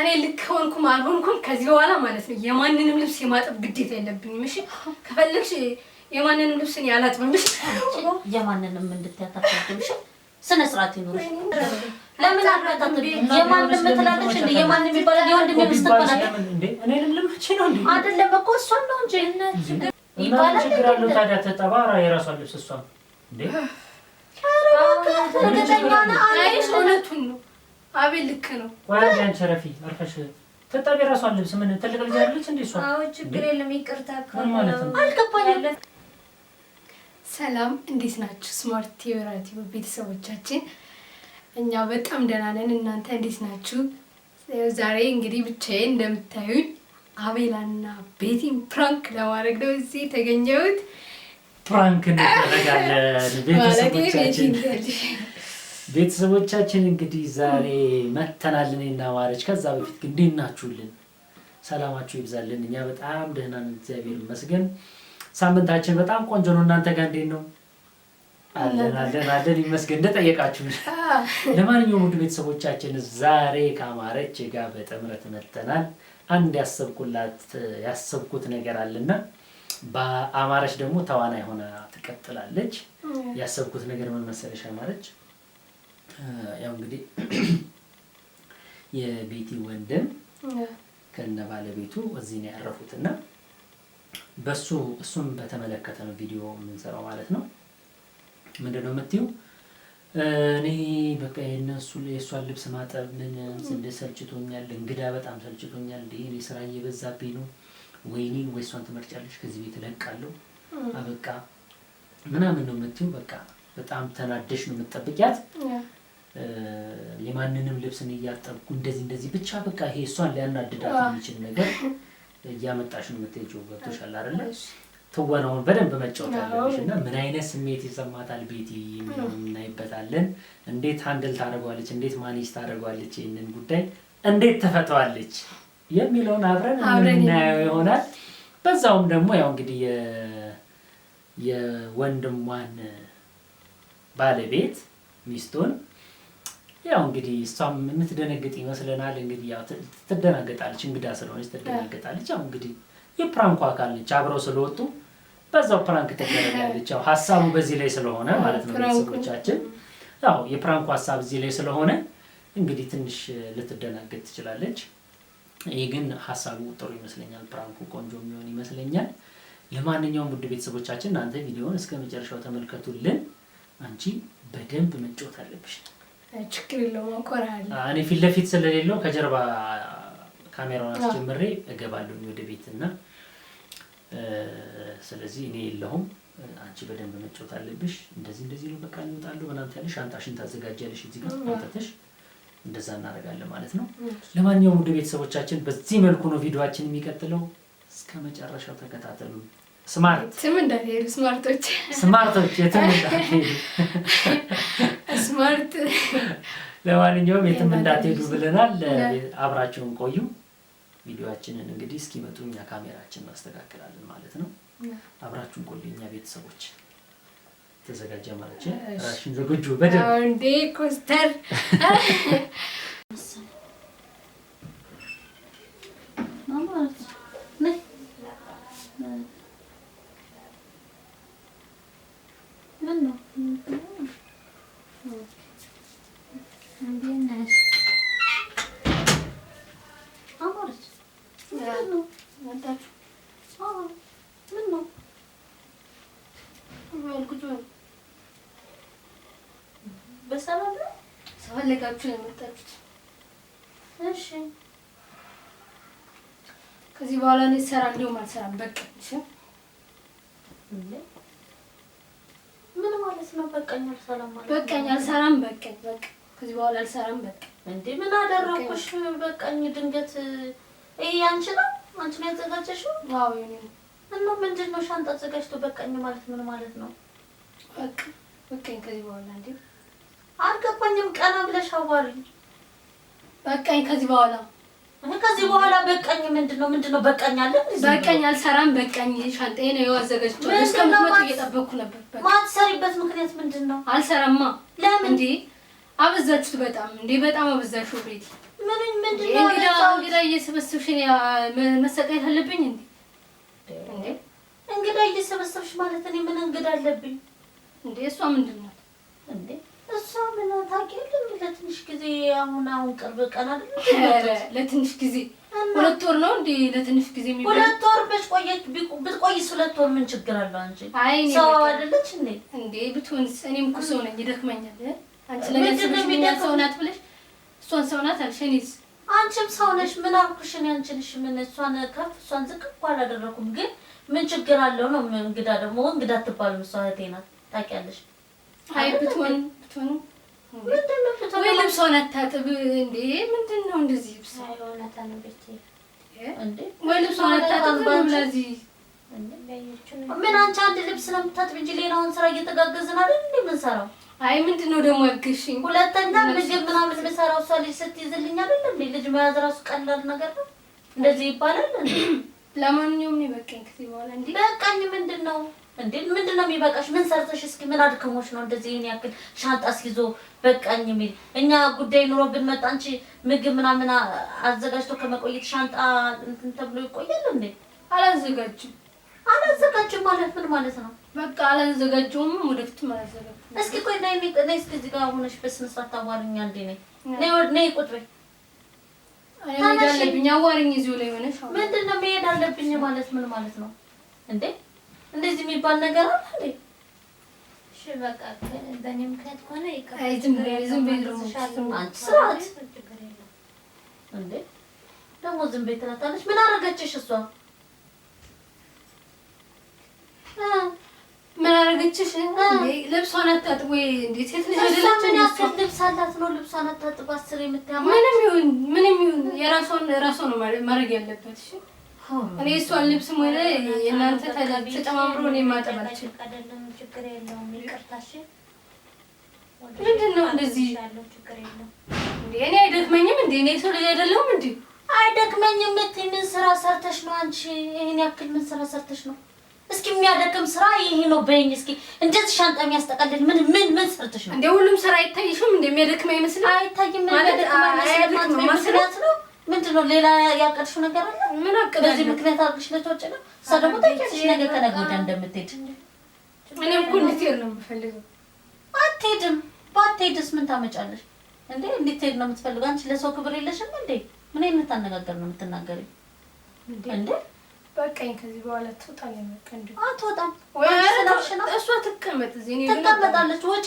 እኔ ልክ ሆንኩም አልሆንኩም ከዚህ በኋላ ማለት ነው የማንንም ልብስ የማጠብ ግዴታ የለብኝም። እሺ ከፈለግሽ የማንንም ልብስ እኔ አላጥብም። እሺ የማንንም እንድትያታተብሽ ስነ ስርዓት ይኖር። ለምን አልመጣም? የማንም ትላለች እንዴ? የማንም ይባላል። የወንድም ሚስት እኮ ናት። እኔንም ልመቼ ነው እንዴ? አይደለም እኮ እሷን ነው እንጂ ይባላል። ችግር አለው ታዲያ ተጠባ የራሷን ልብስ እሷን እንዴ? እርግጠኛ ነህ? እውነቱን ነው አቤል ልክ ነው። ወላጅ አንቺ ረፊ አርፈሽ ትጣቢ። ራሷን ልብስ ምን ትልቅ ልጅ አለች እንዴ? እሷ አዎ፣ ችግር የለም ይቅርታ። ማለት ነው? አልገባኝም። ሰላም፣ እንዴት ናችሁ? ስማርት የራቲ ቤተሰቦቻችን፣ እኛ በጣም ደህና ነን። እናንተ እንዴት ናችሁ? ዛሬ እንግዲህ ብቻዬን እንደምታዩኝ አቤላና ቤቲን ፕራንክ ለማድረግ ነው እዚህ የተገኘሁት። ፕራንክ እናደርጋለን ቤተሰቦቻችን ቤተሰቦቻችን እንግዲህ ዛሬ መተናል እኔና ማረች። ከዛ በፊት ግን እንዴት ናችሁልን? ሰላማችሁ ይብዛልን። እኛ በጣም ደህና ነን፣ እግዚአብሔር ይመስገን። ሳምንታችን በጣም ቆንጆ ነው። እናንተ ጋር እንዴት ነው? አለን አለን አለን ይመስገን፣ እንደጠየቃችሁ። ለማንኛውም ውድ ቤተሰቦቻችን ዛሬ ከማረች ጋር በጥምረት መተናል። አንድ ያሰብኩላት ያሰብኩት ነገር አለና በአማረች ደግሞ ተዋናይ ሆና ትቀጥላለች። ያሰብኩት ነገር ምን መሰለሽ አማረች ያው እንግዲህ የቤቲ ወንድም ከነ ባለቤቱ እዚህ ነው ያረፉት እና በሱ እሱም በተመለከተ ነው ቪዲዮ የምንሰራው ማለት ነው። ምንድን ነው የምትዩ? እኔ በቃ የነሱ የእሷን ልብስ ማጠብ ምን ስንዴ ሰልችቶኛል፣ እንግዳ በጣም ሰልችቶኛል። ይህ ስራ እየበዛብኝ ነው። ወይኔ ወይ እሷን ትመርጫለች፣ ከዚህ ቤት እለቃለሁ፣ አበቃ ምናምን ነው የምትዩ። በቃ በጣም ተናደሽ ነው የምትጠብቂያት የማንንም ልብስን እያጠብኩ እንደዚህ እንደዚህ ብቻ በቃ ይሄ እሷን ሊያናድዳት የሚችል ነገር እያመጣሽ ነው የምትሄጂው። ገብቶሻል አይደለ? ትወናውን በደንብ መጫወት አለብሽ እና ምን አይነት ስሜት ይሰማታል ቤቲ እናይበታለን። እንዴት ሀንድል ታደርገዋለች፣ እንዴት ማኔጅ ታደርገዋለች፣ ይህንን ጉዳይ እንዴት ተፈተዋለች የሚለውን አብረን የምናየው ይሆናል። በዛውም ደግሞ ያው እንግዲህ የወንድሟን ባለቤት ሚስቱን ያው እንግዲህ እሷም የምትደነግጥ ይመስለናል። እንግዲህ ያው ትደናገጣለች፣ እንግዳ ስለሆነች ትደናገጣለች። ያው እንግዲህ የፕራንኩ አካል ነች። አብረው ስለወጡ በዛው ፕራንክ ትደረጋለች። ያው ሀሳቡ በዚህ ላይ ስለሆነ ማለት ነው። ቤተሰቦቻችን ያው የፕራንኩ ሀሳብ እዚህ ላይ ስለሆነ እንግዲህ ትንሽ ልትደናገጥ ትችላለች። ይህ ግን ሀሳቡ ጥሩ ይመስለኛል። ፕራንኩ ቆንጆ የሚሆን ይመስለኛል። ለማንኛውም ውድ ቤተሰቦቻችን እናንተ ቪዲዮውን እስከ መጨረሻው ተመልከቱልን። አንቺ በደንብ መጫወት አለብሽ። ችግር የለውም አኮራለሁ። እኔ ፊት ለፊት ስለሌለው ከጀርባ ካሜራውን አስጀምሬ እገባለሁ ወደ ቤት እና ስለዚህ እኔ የለሁም። አንቺ በደንብ መጫወት አለብሽ። እንደዚህ እንደዚህ ነው በቃ እንወጣለሁ ምናምን ትያለሽ። ሻንጣሽን ታዘጋጃለሽ እዚህ ጋር አንተተሽ እንደዛ እናደርጋለን ማለት ነው። ለማንኛውም ውድ ቤተሰቦቻችን በዚህ መልኩ ነው ቪዲዮችን የሚቀጥለው። እስከ መጨረሻው ተከታተሉ። ስማርት ስም እንዳልሄዱ ስማርቶች ስማርቶች የትም እንዳልሄዱ ስማርት። ለማንኛውም የትም እንዳትሄዱ ብለናል። አብራችሁን ቆዩ። ቪዲዮችንን እንግዲህ እስኪመጡ እኛ ካሜራችን እናስተካክላለን ማለት ነው። አብራችሁን ቆዩ። እኛ ቤተሰቦች ተዘጋጀ ማለት ራሽን ዝግጁ በደንብ እንዴ ኮስተር በሰላም ነው ነው የመጣችሁት። እሺ ከዚህ በኋላ እኔ ሰራ እንዲሁም አልሰራም። በቃሽ። ምን ማለት ነው? በቃኝ አልሰራም ማለት በቃኝ አልሰራም። በቃኝ በቃ ከዚህ በኋላ አልሰራም። በቃ እንዴ ምን አደረኩሽ? በቃኝ ድንገት ይሄ አንቺ ነው አንቺ ነው ያዘጋጀሽው? አዎ የኔ ነው። እና ምንድን ነው ሻንጣ አዘጋጅቶ በቃኝ ማለት ምን ማለት ነው? በቃ በቃኝ ከዚህ በኋላ እንዴ አታውሪኝም? ቀና ብለሽ አዋሪኝ። በቃኝ ከዚህ በኋላ ከዚህ በኋላ በቃኝ። ምንድነው ምንድነው? በቃኝ አለ። በቃኝ አልሰራም። በቃኝ ሻንጤ ነው አዘጋጅቼ እስከምትመጡ እየጠበኩ ነበር። ማትሰሪበት ምክንያት ምንድነው? አልሰራማ። ለምን እንዴ? አበዛችሁት በጣም እንዴ፣ በጣም አበዛችሁ። ቤት ምን ምንድነው? ነው እንግዳ እንግዳ እየሰበሰብሽ መሰቃየት አለብኝ እንዴ? እንግዳ እየሰበሰብሽ ማለት እኔ ምን እንግዳ አለብኝ እንዴ? እሷ ምንድነው እንዴ ምን ታውቂያለሽ? ለትንሽ ጊዜ አሁን አሁን ቅርብ ቀን አይደል? ለትንሽ ጊዜ ሁለት ወር ነው እንዴ? ለትንሽ ጊዜ ሁለት ወር ብትቆይስ ሁለት ወር ምን ችግር አለው? አንቺ አይ ሰው አይደለች እንዴ? እንዴ ብትሆንስ? እኔም እኮ ሰው ነኝ፣ ይደክመኛል። አንቺ ሰው ናት ብለሽ እሷን ሰው ናት አልሽ? እኔስ አንቺም ሰው ነሽ። ምን አልኩሽ? እኔ አንቺ ምን እሷን ከፍ እሷን ዝቅ እኮ አላደረኩም፣ ግን ምን ችግር አለው ነው። እንግዳ ደግሞ እንግዳ አትባልም። እሷ እህቴ ናት፣ ታውቂያለሽ አይ ብትሆን ብትሆን ወይ ልብሶን አታጥብ እንዴ? ምንድን ነው እንደዚህ ልብስ ወይ ልብሶን አታጥብ ለዚህ ምን አንቺ አንድ ልብስ ስለምታጥብ እንጂ ሌላውን ስራ እየተጋገዝን አይደል እንዴ የምንሰራው? አይ ምንድን ነው ደግሞ ያግሽኝ። ሁለተኛ ምግብ ምናምን የምሰራው እሷ ልጅ ስትይዝልኝ አይደል እንዴ? ልጅ መያዝ ራሱ ቀላል ነገር ነው። እንደዚህ ይባላል እንዴ? ለማንኛውም ነው በቃኝ። ከዚህ በኋላ እንዴ በቃኝ ምንድን ነው እንዴ ምንድን ነው የሚበቃሽ? ምን ሰርተሽ እስኪ ምን አድክሞሽ ነው እንደዚህ ይሄን ያክል ሻንጣ አስይዞ በቃኝ የሚል? እኛ ጉዳይ ኑሮ ብንመጣ አንቺ ምግብ ምናምን አዘጋጅቶ ከመቆየት ሻንጣ እንትን ተብሎ ይቆያል እንዴ? አላዘጋጅም። አላዘጋጅም ማለት ምን ማለት ነው? በቃ አላዘጋጅም፣ ወደፊትም አላዘጋጅም። እስኪ ቆይ ነይ ነይ፣ እስኪ እዚህ ጋር ሆነሽ በስነ ስርዓት አዋሪኝ እንዴ? ነይ ነይ ነይ፣ ቁጭ በይ። አይ አዋርኝ። እዚሁ ላይ ሆነሽ ምንድን ነው መሄድ አለብኝ ማለት ምን ማለት ነው እንዴ? እንደዚህ የሚባል ነገር አለ። እሺ በቃ በእኔ ምክንያት ከሆነ ደግሞ ዝም ቤት ትላታለች። ምን አደረገችሽ? እሷ ምን አደረገችሽ? ልብሷን ወይ? እንዴት ሴት ልጅ አይደለች? ምን ያክል ልብስ አላት ነው ልብሷን አታጥቦ አስር ምንም ይሁን ምንም ይሁን የራሷን ራሷ ነው ማድረግ ያለበት። እሺ እኔ እሷን ልብስም ሆነ የእናንተ ተጨማምሮ እኔ ማጠብ አልችልም። ምንድን ነው እንደዚህ? እኔ አይደክመኝም እንዴ? እኔ ሰው ልጅ አይደለሁም እንዴ? አይደክመኝም ምን ስራ ሰርተሽ ነው አንቺ? ይሄን ያክል ምን ስራ ሰርተሽ ነው? እስኪ የሚያደክም ስራ ይሄ ነው በይኝ። እስኪ እንደዚህ ሻንጣ የሚያስጠቀልል ምን ምን ምን ሰርተሽ ነው እንዴ? ሁሉም ስራ አይታይሽም እንዴ? የሚያደክም አይመስልም። አይታይም ማለት ነው? ሌላ ያቀድሽው ነገር አለ? ምን አቀደ? በዚህ ምክንያት አድርግሽ ለተወጭ ነው። እሷ ደግሞ ታውቂያለሽ ነገር ከነገ ወዲያ እንደምትሄድ። እኔም እኮ እንድትሄድ ነው የምፈልገው። አትሄድም። ባትሄድስ ምን ታመጫለሽ እንዴ? እንድትሄድ ነው የምትፈልገው። አንቺ ለሰው ክብር የለሽም እንዴ? ምን አይነት አነጋገር ነው የምትናገሪው እንዴ? በቃኝ። ከዚህ በኋላ ትወጣለች። አትወጣም። እሷ ትቀመጥ፣ ትቀመጣለች። ወጪ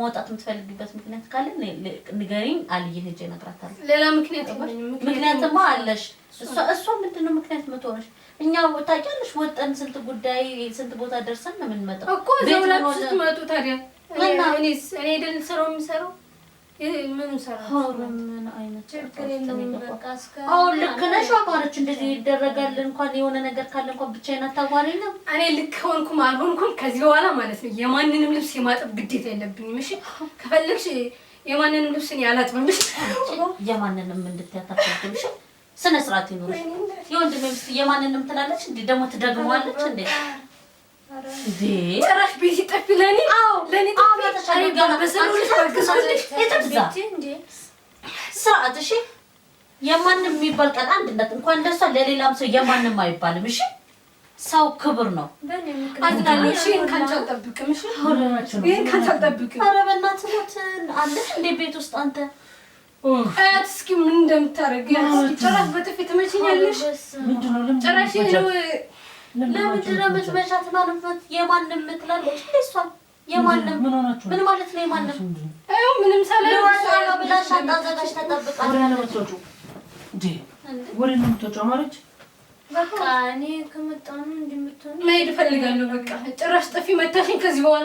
መውጣት የምትፈልግበት ምክንያት ካለ ንገሪኝ፣ አልዬ ሂጅ እነግራታለሁ። ሌላ ምክንያት ምክንያትማ አለሽ። እሷ ምንድን ነው ምክንያት የምትሆነሽ? እኛ ታውቂያለሽ፣ ወጠን ስንት ጉዳይ ስንት ቦታ ደርሰን ነው የምንመጣው እኮ። እዛው ላችሁ ስትመጡ ታዲያ እኔ ደን አይደል ስራው የምሰራው አሁን ልክ ነሽ አማረች። እንደዚህ ይደረጋል። እንኳን የሆነ ነገር ካለ እንኳን ብቻዬን አታዋሪኝ። እኔ ልክ ሆንኩም አልሆንኩም ከዚህ በኋላ ማለት ነው የማንንም ልብስ የማጠብ ግዴታ የለብኝም። እሺ ከፈለግሽ የማንንም ልብስ እኔ አላጥብም። እሺ የማንንም ስነ ስርዓት ይኖርሽ። የወንድሜ ሚስት የማንንም ትላለች እንዴ? ደግሞ ትደግመዋለች እንዴ? ጭራሽ ቤት ይጠፊ ለእኔ ለእኔ ስርዓት። እሺ የማንም የሚባል ቀን አንድነት እንኳን ለሷ ለሌላም ሰው የማንም አይባልም። እሺ ሰው ክብር ነው። ቤት ውስጥ አንተ አያት እስኪ ምን እንደምታደርግ ጭራሽ በጥፊ ትመችኛለሽ። ለምንድን ነው የምትመቻት? ማንነት የማንም ትላለች እሷን የማንም ምን ማለት ነው? የማንም ምንም ተጠብቃለች። በቃ እኔ ከመጣሁ እንደምትሆን መሄድ እፈልጋለሁ። በቃ ጭራሽ ጥፊ መታሽኝ። ከዚህ በኋላ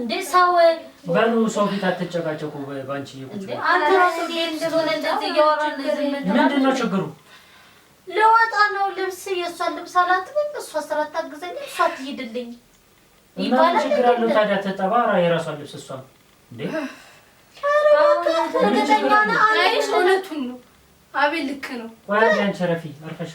እንዴ ሰው በሉ ሰው ፊት አትጨቃጨቁ። ባንቺ ምንድን ነው ችግሩ? ለወጣ ነው ልብስ የእሷን ልብስ አላጥብም፣ እሷ ስራ ታግዘኝ፣ እሷ ትሂድልኝ ይባላል። ችግር አለው ታዲያ? ተጠባራ የራሷን ልብስ እሷ እንዴ እውነቱን ነው አቤል፣ ልክ ነው። ቆይ አንቺ ረፊ አርፈሽ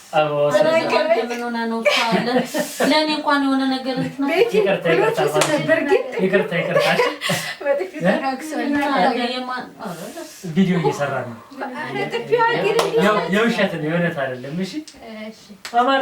ሆና ነው ለእኔ እንኳን የሆነ ነገር ቪዲዮ እየሰራ ነው። የውሸት ነው፣ የእውነት አይደለም። እሺ አማር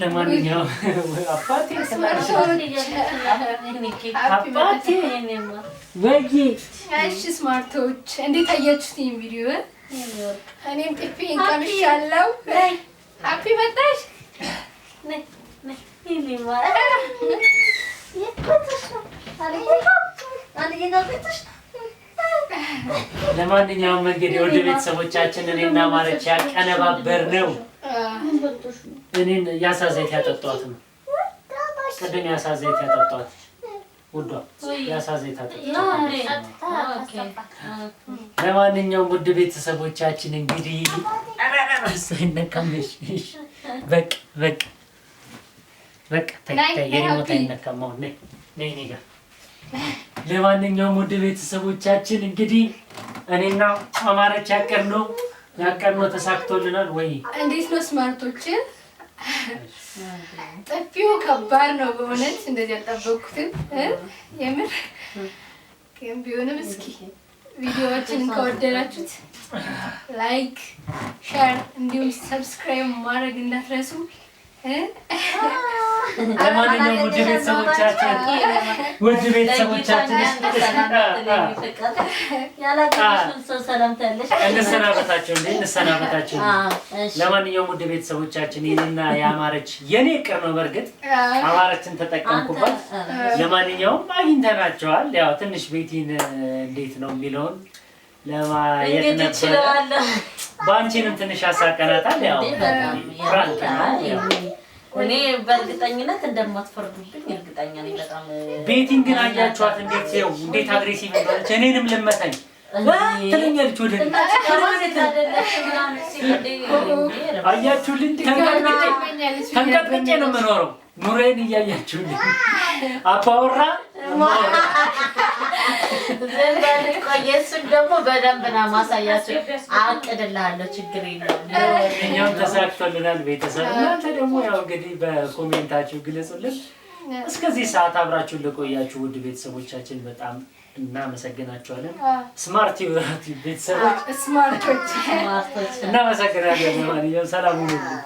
ለማንኛውም ስማርቶች እንዴት አያችሁት? ይህን ቪዲዮ እኔም ጥፊዬን ቀምሻለሁ። ሀፒ መጣሽ አ ለማንኛውም እንግዲህ ወደ ቤተሰቦቻችን እኔና ማረች ያቀነባበር ነው። እኔን ያሳ ያጠጧት ነው። ቅድም ያሳ ያጠጧት ውዷ ያሳ ዘይት ለማንኛውም ውድ ቤተሰቦቻችን እንግዲህ ይነካምሽ በቅ በቅ በቅ ታይ ታይ የኔ ሞታ ይነካማሁ ነ ነ ኔ ጋር ለማንኛውም ወደ ቤተሰቦቻችን እንግዲህ እኔና አማረች ያቀድነው ያቀድነው ተሳክቶልናል ወይ? እንዴት ነው ስማርቶችን? ጥፊው ከባድ ነው በእውነት እንደዚህ ያልጠበኩትን የምር ግን ቢሆንም እስኪ ቪዲዮዎችን ከወደዳችሁት ላይክ፣ ሸር እንዲሁም ሰብስክራይብ ማድረግ እንዳትረሱ። ለማንኛውም ውድ ቤተሰቦቻችን ውድ ቤተሰቦቻችን እንሰናበታቸው እንደ እንሰናበታቸው። ለማንኛውም ውድ ቤተሰቦቻችን ይህንና የአማረች የኔ ቅር ነው፣ በእርግጥ አማረችን ተጠቀምኩባት። ለማንኛውም አግኝተናቸዋል። ያው ትንሽ ቤቲን እንዴት ነው የሚለውን ለማየት ነበረ። በአንቺንም ትንሽ አሳቀናታል። ያው እኔ በእርግጠኝነት እንደማትፈርዱብኝ እርግጠኛ ነኝ። በጣም ቤቲን ግን አያችኋት እንዴት ው እንዴት አግሬሲቭ ነበረች። እኔንም ልመታኝ ትለኛለች። ወደ አያችሁልኝ፣ ተንቀጥቅጬ ነው የምኖረው። ኑሬን እያያችሁልኝ አባወራ ቆየ። እሱን ደግሞ በደንብ ና ማሳያቸው አቅድልሃለሁ። ችግር የለውም። እኛም ተሳክቶልናል። ቤተሰብ እናንተ ደግሞ ያው እንግዲህ በኮሜንታችሁ ግለጹልን። እስከዚህ ሰዓት አብራችሁን ለቆያችሁ ውድ ቤተሰቦቻችን በጣም እናመሰግናቸዋለን። ስማርት ቤተሰቦች እናመሰግናለን። ለማንኛውም ሰላም ሁኑልን።